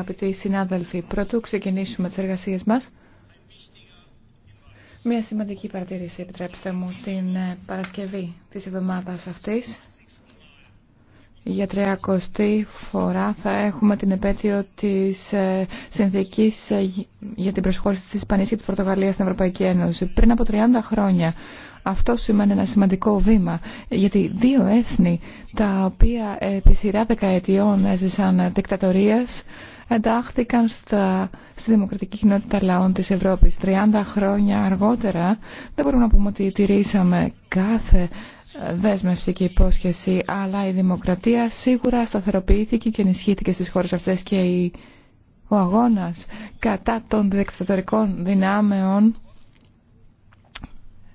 Αγαπητοί συνάδελφοι, πρωτού ξεκινήσουμε τις εργασίες μας, μια σημαντική παρατήρηση, επιτρέψτε μου, την ε, Παρασκευή της εβδομάδας αυτής. Για τριακοστή φορά θα έχουμε την επέτειο της ε, συνθήκης ε, για την προσχώρηση της Ισπανίας και της Πορτογαλίας στην Ευρωπαϊκή Ένωση. Πριν από 30 χρόνια αυτό σημαίνει ένα σημαντικό βήμα, γιατί δύο έθνη τα οποία επί σειρά δεκαετιών έζησαν δικτατορίας εντάχθηκαν στα, στη δημοκρατική κοινότητα λαών της Ευρώπης. 30 χρόνια αργότερα δεν μπορούμε να πούμε ότι τηρήσαμε κάθε δέσμευση και υπόσχεση, αλλά η δημοκρατία σίγουρα σταθεροποιήθηκε και ενισχύθηκε στις χώρες αυτές και η, ο αγώνας κατά των δικτατορικών δυνάμεων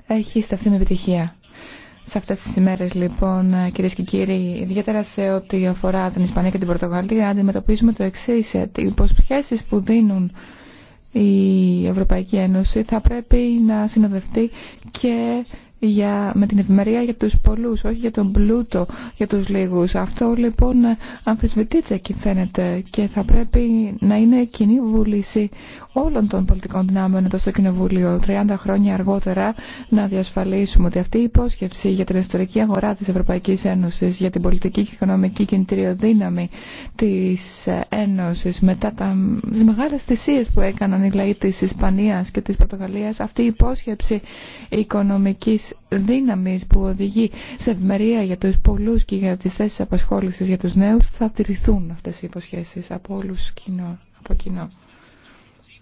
έχει σταθεί με επιτυχία. Σε αυτές τις ημέρες λοιπόν κυρίε και κύριοι, ιδιαίτερα σε ό,τι αφορά την Ισπανία και την Πορτογαλία, αντιμετωπίζουμε το εξής, οι υποσχέσεις που δίνουν η Ευρωπαϊκή Ένωση θα πρέπει να συνοδευτεί και για, με την ευημερία για τους πολλούς, όχι για τον πλούτο για τους λίγους. Αυτό λοιπόν αμφισβητείται και φαίνεται και θα πρέπει να είναι κοινή βούληση όλων των πολιτικών δυνάμεων εδώ στο Κοινοβούλιο 30 χρόνια αργότερα να διασφαλίσουμε ότι αυτή η υπόσχευση για την ιστορική αγορά της Ευρωπαϊκής Ένωσης για την πολιτική και οικονομική δύναμη της Ένωσης μετά τα, τις μεγάλες θυσίες που έκαναν οι λαοί της Ισπανίας και της Πορτογαλίας αυτή η υπόσχευση οικονομικής της δύναμης που οδηγεί σε ευμερία για τους πολλούς και για τις θέσεις απασχόλησης για τους νέους θα τηρηθούν αυτές οι υποσχέσεις από όλους από κοινό.